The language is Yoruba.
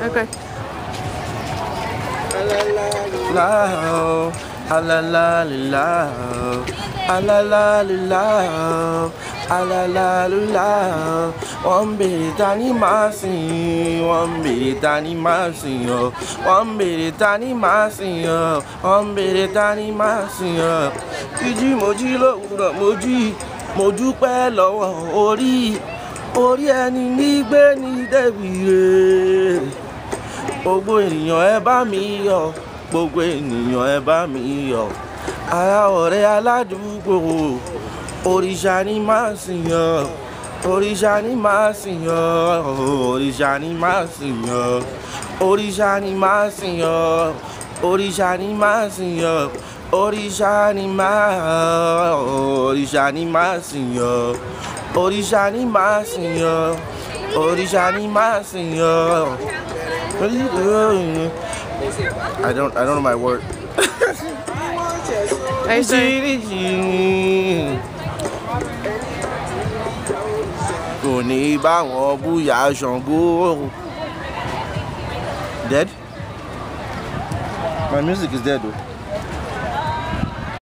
Okay. La la la la la la la la Alalalula, one bitty tiny massy, one bitty tiny massy, one bitty tiny massy, one bitty tiny massy. Iji moji lọ́wọ́ moji, moju dúpẹ́ orí, orí ẹni nígbẹ́ ní dẹ́bi gbogbo ènìyàn ẹ bá mi yọ̀ gbogbo ènìyàn ẹ bá mi yọ̀ ara ọ̀rẹ́ aládùúgbò òrìṣà ni máa sìn yàn òrìṣà ni máa sìn yàn òrìṣà ni máa sìn yàn òrìṣà ni máa sìn yàn òrìṣà ni máa sìn yàn òrìṣà ni máa òrìṣà ni máa sìn yàn òrìṣà ni máa sìn yàn òrìṣà ni máa sìn yàn. What are you doing? I don't I don't know my work. I sir. kò ní bá wọn Dead? My music is dead though.